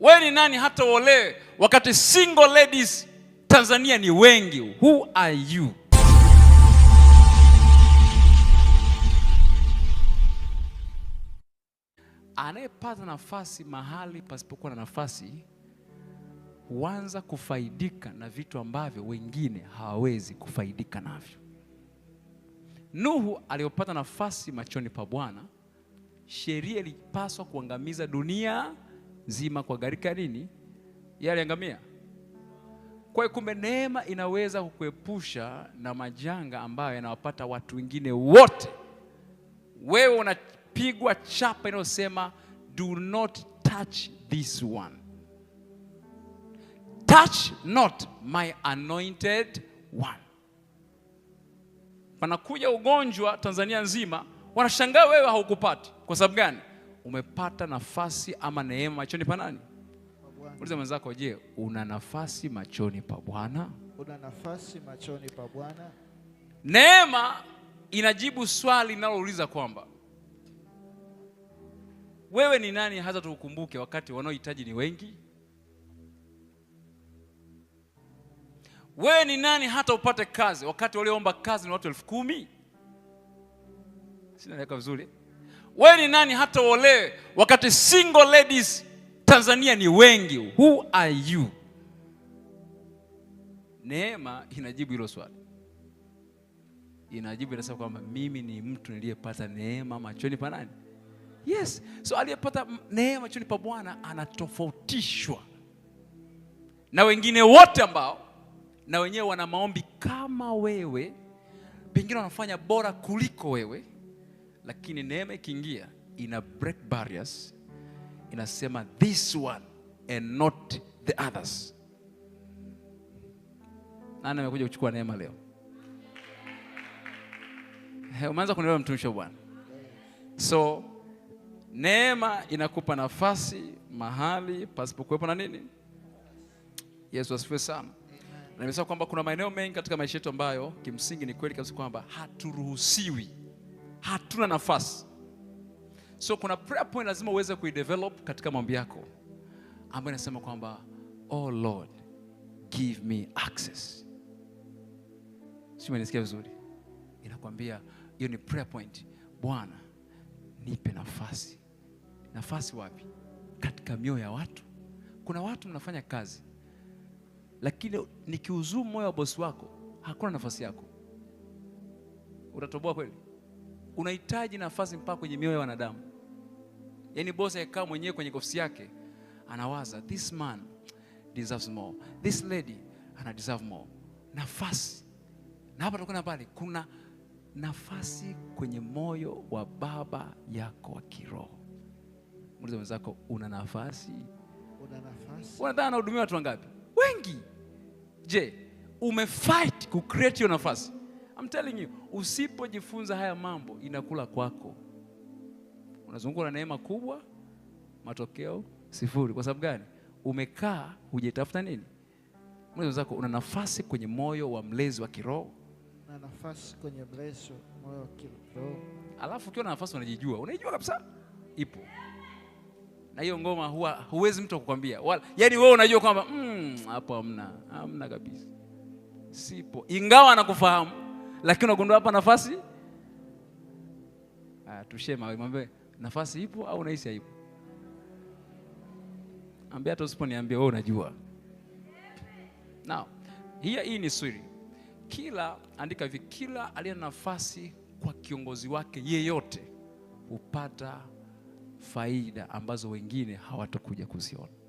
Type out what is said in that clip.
we ni nani hata uolewe, wakati single ladies Tanzania ni wengi? Who are you? Anayepata nafasi mahali pasipokuwa na nafasi huanza kufaidika na vitu ambavyo wengine hawawezi kufaidika navyo. Nuhu aliyopata nafasi machoni pa Bwana, sheria ilipaswa kuangamiza dunia zima kwa gharika nini? Yale ngamia. Kwa kumbe, neema inaweza kukuepusha na majanga ambayo yanawapata watu wengine wote. Wewe unapigwa chapa inayosema do not touch this one, touch not my anointed one. Panakuja ugonjwa Tanzania nzima, wanashangaa wewe haukupati. Kwa sababu gani? umepata nafasi ama neema machoni pa nani? Uliza mwenzako, je, una nafasi machoni pa Bwana? Una nafasi machoni pa Bwana? Neema inajibu swali linalouliza kwamba wewe ni nani hata tukukumbuke wakati wanaohitaji ni wengi? Wewe ni nani hata upate kazi wakati walioomba kazi ni watu elfu kumi? Sinaeleka vizuri. Wewe ni nani hata uolewe, wakati single ladies Tanzania ni wengi? Who are you? Neema inajibu hilo swali, inajibu inasema kwamba mimi ni mtu niliyepata neema machoni pa nani? Yes, so aliyepata neema machoni pa Bwana anatofautishwa na wengine wote ambao na wenyewe wana maombi kama wewe, pengine wanafanya bora kuliko wewe lakini neema ikiingia ina break barriers, inasema this one and not the others. Nani amekuja kuchukua neema leo? Umeanza kunielewa mtumishi wa Bwana? So neema inakupa nafasi mahali pasipokuwepo na nini. Yesu asifiwe sana. Na nimesema kwamba kuna maeneo mengi katika maisha yetu ambayo kimsingi ni kweli kabisa kwamba haturuhusiwi hatuna nafasi. So kuna prayer point lazima uweze kuidevelop katika maombi yako, ambayo inasema kwamba oh Lord give me access. Sio, umenisikia vizuri? Inakwambia hiyo ni prayer point, Bwana nipe nafasi. Nafasi wapi? Katika mioyo ya watu. Kuna watu mnafanya kazi, lakini nikiuzumu moyo wa bosi wako, hakuna nafasi yako. Utatoboa kweli? unahitaji nafasi mpaka kwenye mioyo ya wanadamu. Yaani bosi akaa mwenyewe kwenye ofisi yake anawaza this man deserves more, this lady ana deserve more. Nafasi na hapa tukuna pale, kuna nafasi kwenye moyo wa baba yako wa kiroho. Muulize mwenzako, una nafasi? Una nafasi? Unadhani anahudumia watu wangapi? Wengi. Je, umefight create hiyo nafasi? I'm telling you, usipojifunza haya mambo inakula kwako. Unazungukwa na neema kubwa, matokeo sifuri. Kwa sababu gani? Umekaa hujatafuta nini? Mlezi una nafasi kwenye moyo wa mlezi wa kiroho, na nafasi kwenye mlezi moyo wa kiroho. Alafu ukiwa na nafasi unajijua, unaijua kabisa ipo na hiyo ngoma huwa huwezi mtu akukwambia, wala yani wewe unajua kwamba hapo, mm, hamna hamna kabisa, sipo, ingawa anakufahamu lakini unagundua hapa nafasi ah, tushie mawe, mwambie nafasi ipo au unahisi haipo? Ambia hata usiponiambia wewe unajua. Now, hiya hii ni siri. Kila andika hivi, kila aliye na nafasi kwa kiongozi wake yeyote hupata faida ambazo wengine hawatakuja kuziona.